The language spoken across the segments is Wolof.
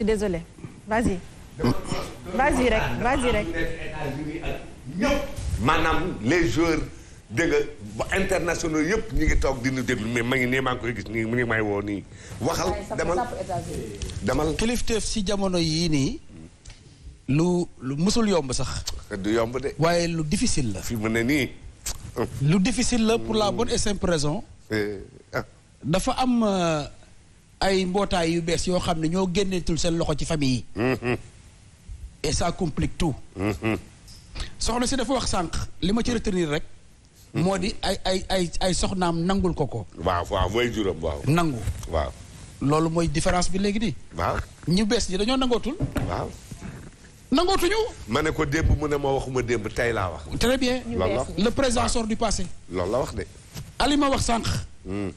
suis désolé vas-y. vas-y rek maanaam les joueurs dégg nga yëpp ñu ngi toog di nu déglu mais ma ngi nee maa ngi koy gis mu ngi may woo nii. waxal demal demal. kilifteef si jamono yii nii. lu lu mësul yomb sax. du yomb de. waaye lu difficile la. fi mu ne nii. lu difficile la pour la bonne et simple raison. Eh, ah. dafa am. Euh, ay mbootaay yu bees yoo xam ne ñoo génneetul seen loxo ci famille yi. Mm-hmm. et ça complique tout. Mm-hmm. soxna si dafa wax sànq li ma ci retenir rek. Mm-hmm. moo di ay ay ay ay soxnaam nangul ko ko. waaw waaw mooy juróom waaw. nangu waaw. loolu mooy différence bi léegi di waaw ñu bees ñi dañoo nangootul. waaw. nangootuñu. ma ne ko démb mu ne ma waxuma démb tey laa wax. très bien. le présent sort du passé. loolu la wax de. ali ma wax sànq. Mm.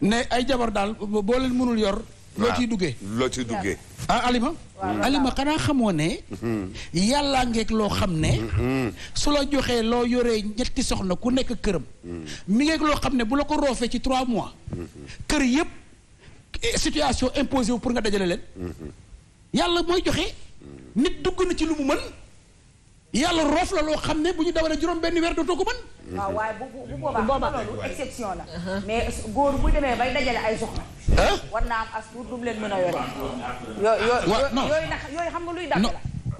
ne ay jabar daal boo leen mënul yor. loo ciy duggee loo ciy duggee. ah Alima. Alima xanaa xamoo ne. Mm-hmm. yàllaa ngeeg loo xam ne. Mm-hmm. su la joxee loo yoree ñetti soxna ku nekk këram. Mm-hmm. mi ngeeg loo xam ne bu la ko roofee ci trois mois. kër yëpp eh, situation imposée wu pour nga dajale leen. yàlla mooy joxe. nit dugg na ci lu mu mën. yàlla roof la loo xam ne bu ñu dawalee juróom benn weer dootoo ko mën. waaw waaye bu bu la. mais góor bu demee bay dajale ay soxna. war naa am as tuut du mu leen mën a xam nga luy dab la.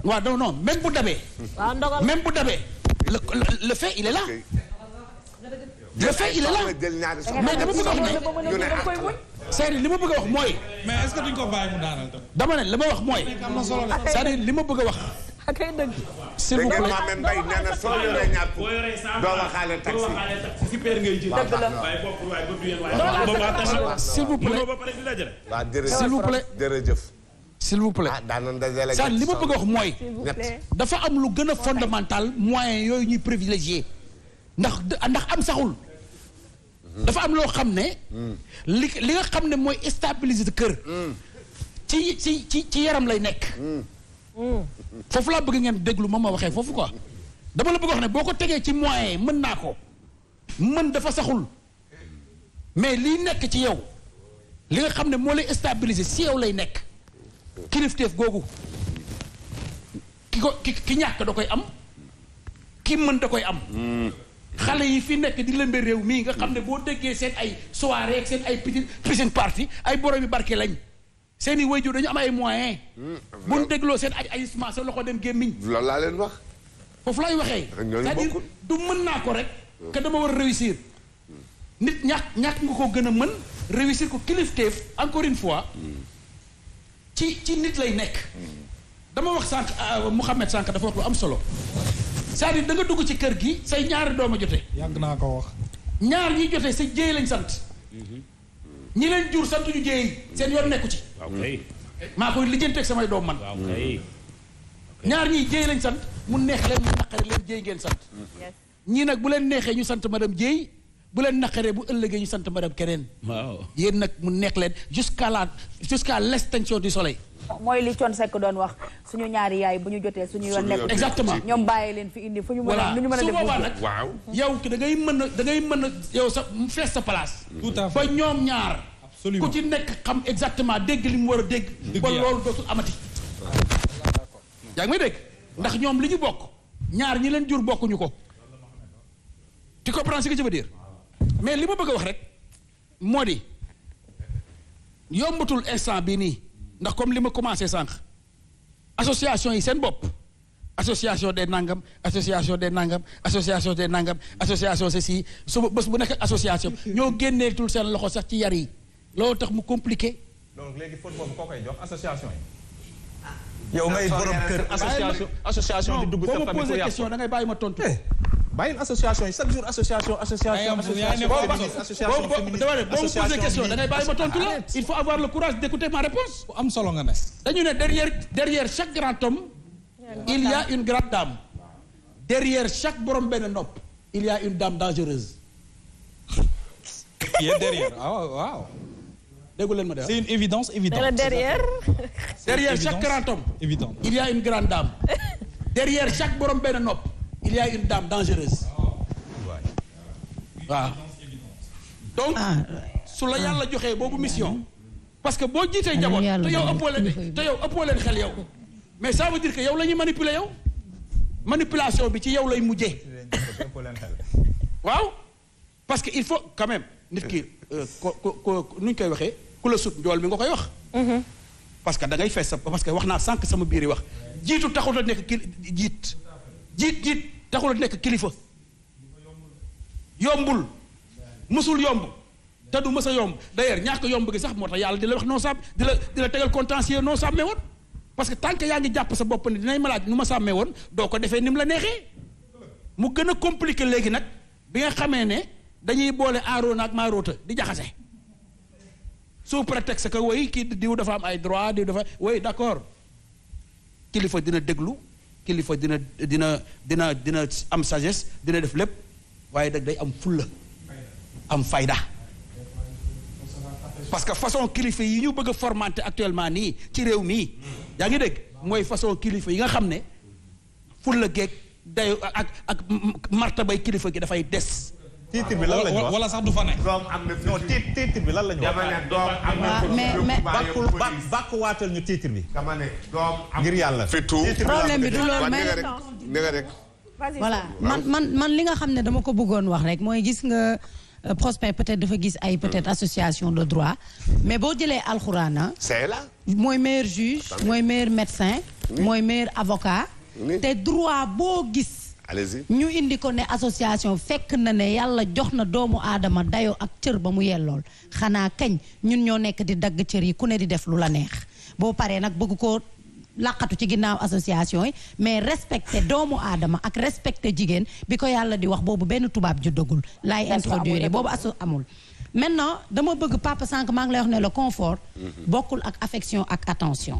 waaw non non même bu dabee. waaw ndogal même bu dabee. le le fait il est là. le fait il est là. Ah, mais ma bëgg wax mooy. mais est que duñ dama ne la ma wax mooy. c'est-à-dire li ma bëgg a wax. Ah, kay dëgg. s'il vous plaît da ngeen mbay nee na soo yoree ñaar fukk doo waxaale taxi li ma bëgg a wax mooy. dafa am lu gën a fondamental moyen yooyu ñuy privilégié ndax ndax am saxul. dafa am loo xam ne. Hmm. li li nga xam ne mooy stabiliser kër. Hmm. ci ci ci ci yaram lay nekk. Hmm. foofu laa bëgg ngeen déglu ma ma waxee foofu quoi dama la bëgg wax ne boo ko tegee ci moyen mën naa ko mën dafa saxul mais liy nekk ci yow li nga xam ne moo lay stabiliser si yow lay nekk kilifteef googu ki ko ki ki ñàkk da koy am ki mën da koy am xale yi fi nekk di lëmbe réew mii nga xam ne boo déggee seen ay soirée ak seen ay piscine piscine party ay boro yu barke lañ seen i jur dañu am ay moyens. Hmm, bu ñu dégloo seen ay ayisement sa loxo dem gémmiñ. loolu laa leen wax. foofu lay waxee. c'est-à-dire du mën naa ko rek. Hmm. que dama war a réussir. Hmm. nit ñàkk ñàkk nga ko gën a mën réussir ko kilifteef encore une fois. ci ci nit lay nekk. dama wax sànq euh, Mouhamed sànq dafa wax lu am solo. sa à dire dugg ci kër gi say ñaari doomu a jotee. yàgg naa ko wax. ñaar ñi jotee sa jéey lañ sant. ñi leen jur sant ñu jéey seen yoon nekku ci. Eh, maa koy lijjanteeg samay doom man ñaar ñi jéy lañ sant mu neex leen mu naqare leen jéy ngeen sant ñii nag bu leen neexee ñu sant madame jéy bu leen naqaree bu ëllëgee ñu sant madame keneen waaw yéen nag mu neex leen jusqu'à la jusqu'à l'extinction du soleil mooy li Thione ko doon wax suñu ñaari yaay bu ñu jotee suñu yoon nekk exactement ñoom bàyyi leen fi indi fu ñu mën a lu ñu mën a def boobaa nag waaw yow ki mën a da ngay mën a yow sa fees sa place ba ñoom ñaar ko ci nekk xam exactement dégg li mu war a dégg. ba loolu dootul amati. yaa ngi may dégg ndax ñoom li ñu bokk ñaar ñi leen jur bokkuñu ko. ti comprends ce que je mais li ma bëgg a wax rek moo di yombatul instant bi nii ndax comme li ma commencé sànq association yi seen bopp. association des nangam association de nangam association des nangam association ceci suba bés bu nekk association ñoo génneetul seen loxo sax ci yar yi. loolu tax mu compliqué. donc léegi faute boobu jox association yi. Ah. yow ngay borom kër association association di ma question da ngay bàyyi ma tontu. Eh, bàyyil association yi chaque jour association. association association boo question da ngay bàyyi ma tontu la il faut avoir le courage d'écouter ma réponse am solo nga mes. dañu ne derrière derrière chaque grand homme. il y a une grande dame. derrière chaque borom bene nopp. il y une dame dangereuse. qui est déggu leen ma de. c'est une évidence évidente. derrière. derrière chaque grand homme. il y a une grande dame. derrière chaque borom benn nopp. il y a une dame dangereuse. Ah, waaw. donc ah, su la ah. yàlla joxee boobu mission. parce que boo jiitee njaboot te yow ëppoo leen xel yow. mais ça veut dire que yow la ñuy manipuler yow. manipulation bi ci yow lay mujjee. waaw parce que il faut quand même. nit ki euh, nu ñu koy waxee. ku la sut njool mi nga koy wax. Mm-hmm. parce que da ngay fees sa parce que wax naa sànq sama biir yi wax jiitu taxul a nekk kil jiit jiit jiit taxul a nekk kilifa yombul musul yomb te du mës a yomb d'ailleurs ñàkk yomb gi sax moo tax yàlla di la wax non sàmm di la di la tegal contentieux non sàmmee woon parce que tant que yaa ngi jàpp sa bopp ne dinañ ma laaj nu ma sàmmee woon doo ko defee ni mu la neexee mu gën a compliqué léegi nag bi nga xamee ne dañuy boole aaroon ak maaroota di jaxase. sous prétexte que woy kii diw dafa am ay droit diw dafa woy d'accord kilifa dina déglu kilifa dina dina dina dina am sagesse dina def lépp waaye dag day am fulla am fayda parce que façon kilifa yi ñu bëgg a formanté actuellement nii ci réew mii yaa ngi dégg mooy façon kilifa yi nga xam ne fulla geeg dayo ak ak martabay kilifa gi dafay des titre bi lan la ñu wax wala sax du fa ne. doom bi lan la ñu wax. dama ne doom am ñu titre bi. ngir yàlla. surtout problème bi du loolu may man man man li nga xam ne dama ko bëggoon wax rek mooy gis nga euh, Prospect peut-être dafa gis ay peut-être hmm. association de droit mais boo jëlee alxuraana. Ah, c'est là. mooy meilleur juge. mooy meilleur médecin. mooy meilleur avocat. te droit boo gis. allez ñu indi ko ne association fekk na ne yàlla jox na doomu aadama dayoo ak cër ba mu yellool xanaa kañ ñun ñoo nekk di dagg cër yi ku ne di def lu la neex boo paree nag bëgg ko làqatu ci ginnaaw association yi mais respecté doomu aadama ak respecté jigéen bi ko yàlla di wax boobu benn tubaab ju dogul laay introduire boobu aso amul maintenant dama bëgg papa sànq maa ngi lay wax ne la confort mm-hmm. bokkul ak affection ak attention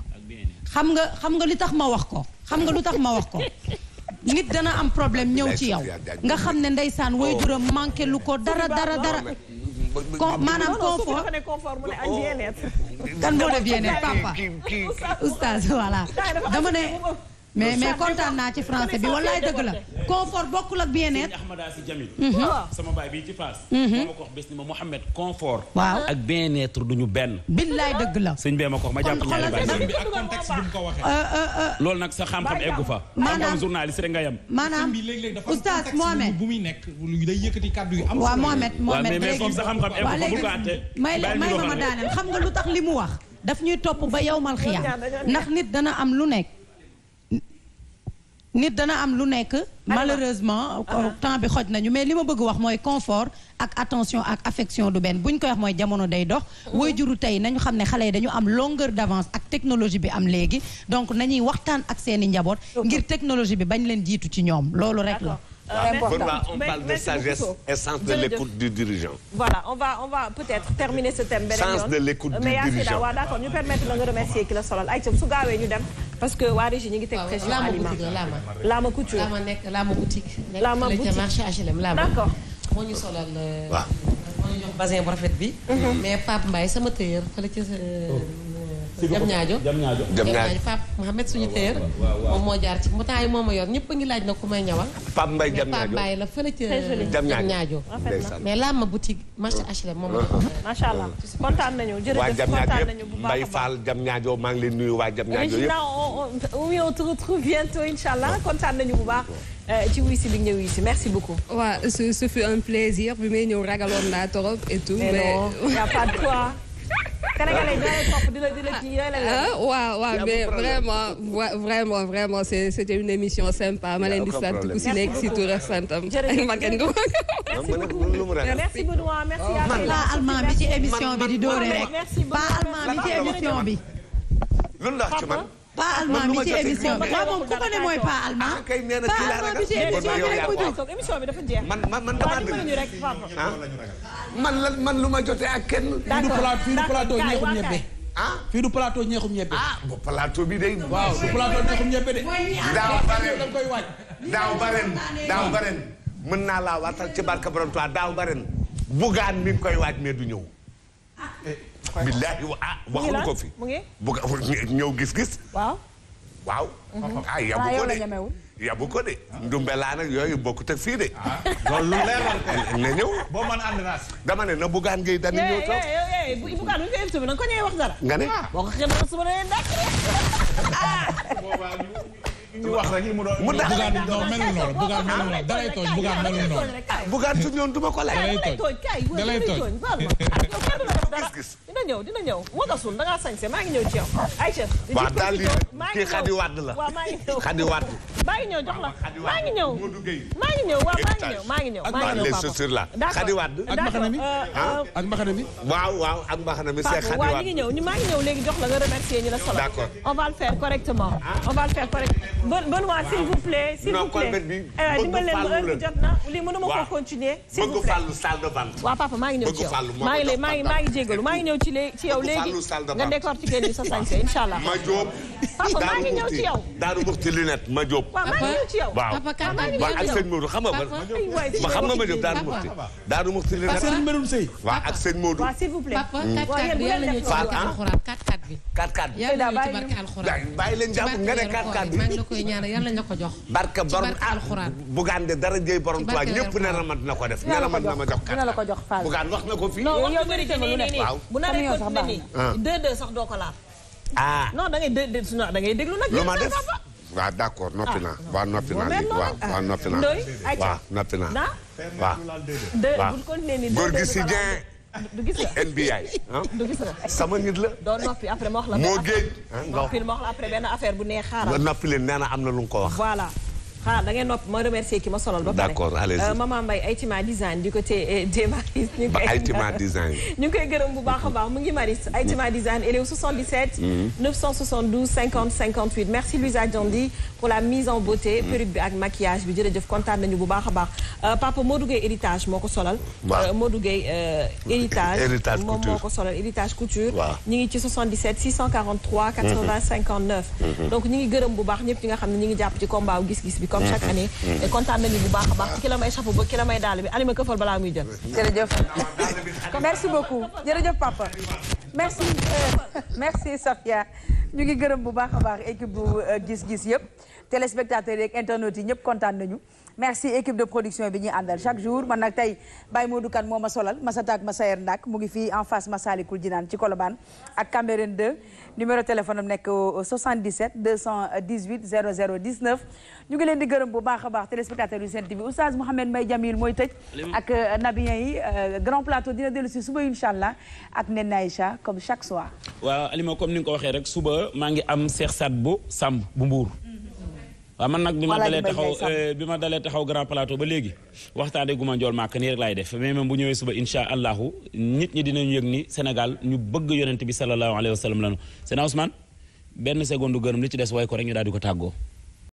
xam nga xam nga li tax ma wax ko xam nga lu tax ma wax ko nit dana am problème ñëw ci yow nga xam ne ndeysaan way juram manqué lu ko dara dara dara ko maanaam confort oh. kan moo ne bien-être papa oustaz voilà dama ne mais mais kontaan naa ci français bi wallaay dëgg la confort bokkul ak bien-être ahmada si jamil mhm. sama baay bii ci Fass mhm. moo ma ko wax bés ni ma Mouhamed confort waaw ak bien-être duñu benn billaay dëgg la sëñ bee ma ko wax ma jàpp ñaari baay bi ak contexte bi mu ko waxee euh, euh, euh. loolu nag sa xam-xam eggu fa maanaam journaliste rek nga yem maanaam oustaz Mohamed bu muy nekk day yëkkati kàddu yu am waaw Mohamed Mohamed mais comme sa xam-xam eggu fa bu ko àtte may la may ma ma daaneel xam nga lu tax li mu wax daf ñuy topp ba yowmal xiyaam ndax nit dana am lu nekk nit dana am lu nekk malheureusement euh, temps bi xoj nañu mais li ma bëgg wax mooy confort ak attention ak affection du benn bu ñu koy wax mooy jamono day dox woy juru tey nañu xam ne xale yi dañu am longueur d'avance ak technologie bi am léegi donc nañuy waxtaan ak seeni njaboot ngir technologie bi bañ leen jiitu ci ñoom loolu rek la euh, Voilà, on parle de sagesse et sens de su gaawee ñu dem parce que waa régie ñu ngi teg ah pression aliment laama laama couture laama nekk laama boutique. laama boutique marché HLM laama. d'accord moo ñu solal. Euh, waaw moo ñu jox basin bu rafet bi. Mhm. mais Pape Mbaye sama tëyër fële ca. Euh, oh. jam ñaajo jam ñaajo jam ñaajo Pape Mohamed suñu teer moom moo jaar ci mu taay moo ma yor ñëpp a ngi laaj na ku may ñawal Pape Mbaye jam ñaajo Pape Mbaye la fële ca jam ñaajo mais la ma boutique marché HLM moom la macha allah kontaan nañu jërëjëf kontaan nañu bu baax Mbaye Fall jam ñaajo maa ngi leen nuyu waa jam ñaajo yëpp oui on te retrouve bientôt inchallah kontaan nañu bu baax euh, ci wuy si bi nga ñëw si merci beaucoup. waaw ce ce fut un plaisir bi may ñëw ragaloon naa torop et tout. mais non y a pas de quoi. Ah, waaw waaw mais vraiment vraiment vraiment c' c'était une émission sympa ma leen di sant ku si nekk si tur ak santam. jërëjëf merci Benoît merci à man laa allemand bi ci émission bi di doore rek. pas allemand bi ci émission bi. lu ndax ci man. pa allemand mi ci émission bi waaw moom ne mooy pa allemand ah, pa allemand bi ci émission bi rek mujj émission man man ah. man lu ma jotee ak kenn fii du plateau ah? fii du plateau ñeexum ñebbe fii du plateau ñeexum ñebbe bu plateau bi day waaw du plateau ñeexum ñebbe de daaw baren koy daaw baren daaw mën naa laa waatal ci barka borom toi daaw baren bugaan mi ngi koy waaj mais du ñëw billahi wa ah waxuñu ko fi. mu ngi bu ñëw gis-gis. waaw. waaw. Mhm. ah yabu ko de yabu ah. ko de. ndumbelaan ak yooyu bokkut ak fii de. Ah. loolu lu leer na ñëw. boo mën ànd naa si. dama ne na bugaan ngay dani ñëw toog. bu bugaan bu ñu koy invité bi na ko ñëwee wax dara. nga ne ah. boo ko xëy na suba na leen dàq. ñu wax rek li mu doon mu dax bugaan melul noonu bugaan melul noonu dalay tooñ bugaan melul noonu. bugaan su ñoon du ma ko laaj. dalay tooñ dalay tooñ. gis-gis. dina ñëw dina ñëw moo tax suul da ngaa sañse maa ngi ñëw ci yow. ayca di ci profité maa ngi ñëw xadi wàdd la waaw maa ngi ñëw xadi wàdd. maa ngi ñëw jox la maa ngi ñëw maa ngi ñëw waaw maa ngi ñëw maa ngi ñëw. maa ngi ñëw papa xadi wàdd. ak mbaxana mi euh, euh, ak mbaxana mi. waaw waaw ak mbaxana mi c'est xadi wàdd. waaw ñu ngi ñëw maa ngi ñëw léegi jox la nga remercier ñu la solo. d'accord on va le faire correctement. Ah. on va le faire correctement. Benoît s'il vous plaît. s'il euh, vous plaît dimbali leen ma heure bi jot na lii mënuma ko continuer. s'il vous plaît waaw papa maa ngi ñëw ci yow maa ngi jégalu maa ngi ñëw ci ci léegi ci yow léegi nga décortiquer ni sa sañse incha allah. ma jóob papa maa ngi ñëw ci yow. daaru buxti lunette ma jóob. waaw maa ngi ñëw ci yow. waaw waaw ak sëñ Modou xam nga ma xam nga ma jóob daaru buxti. daaru buxti lunette sëñ Medoune Seye. waaw ak sëñ Modou. waaw s'il vous plaît. papa 4-4 mm. bi yàlla ñëw ci barke ah. alxuraan 4-4 bi. 4-4 bi yàlla ñëw ci barke alxuraan. bàyyi leen jàpp nga ne 4-4 bi. maa ngi la koy ñaanal yàlla la ko jox. barke borom ah, alxuraan. Bougane dara jëy borom Tuubaa ñëpp ne ramat na ko def. ne ramat na ma jox 4-4 Bougane wax na ko fii. waaw million sax baax na ah. deux deux sax doo ko laal. ah non da ngay dé da ngay déglu nag. lu ma def waaw d' accord noppi ah. naa. waaw noppi naa lii waaw waaw noppi naa. ndoye ayca noppi naa. naa waaw. waaw góor gi si Dieng. du gis nga NBI. du gis nga sama nit la. doo noppi après ma wax la. moo géej. noppi ma wax la après benn affaire bu neex xaaral. noppi leen nee na am na lu ko wax. voilà. ah da ngeen nopp ma remercier ki ma sonal ba pare. d'accord allez-y euh, maman Aytima design du côté euh, des Maris. Aytima design. ñu ngi koy gërëm bu baax a baax mu ngi Maris Aytima design elle est au 77. 972 50 58 merci Luisa Diandi pour la mise en beauté. Mm-hmm. perruque bi ak maquillage bi jërëjëf kontaan nañu bu baax a baax euh, papa Modou Gueye héritage moo ko solal. waaw Modou Gueye héritage. héritage couture moom moo ko solal héritage couture. ñu ngi ci 77 mm-hmm. mm-hmm. donc ñu ngi gërëm bu baax ñëpp ñi nga xam ne ñu ngi jàpp ci combat gis bi. comme chaque année. Mm-hmm. Mm-hmm. et kontaan nañu bu baax a baax ki la may chapeau ba ki la may daal bi animé këfal balaa muy jël. jërëjëf merci beaucoup jërëjëf papa merci euh, merci Safia ñu ngi gërëm bu baax a baax équipe bu gis-gis euh, yëpp téléspectateurs yeeg internautes yi ñëpp kontaan nañu. merci équipe de production bi ñuy àndal chaque jour man nag tey Baye Modou Kane moo ma solal Masata ak Masayer Ndak mu ngi fii en face Massalikul Jinaan ci Colobane ak Cambérène 2 numéro téléphone am nekk 77 218 ñu ngi leen di gërëm bu baax a baax téléspectateurs yu Sen TV Oustaz Mouhamed Mbaye Jamil mooy tëj ak euh, nabiyen yi euh, grand plateau dina dellu si suba incha allah ak Nen Aïcha comme chaque soir waaw Alima comme ni nga ko waxee rek suba maa ngi am Cheikh Sadbou Samb bu waaw man nag bi ma dalee taxaw eh, bi ma dalee taxaw grand plateau ba léegi waxtaane gu ma njool màkk nii rek laay def mais même bu ñëwee suba insha allahu nit ñi dinañu yëg ni Sénégal ñu bëgg yonent bi sallallahu alayhi wa sallam lanu Sénégal Ousmane benn seconde gërëm li ci des way ko rek ñu daal di ko tàggoo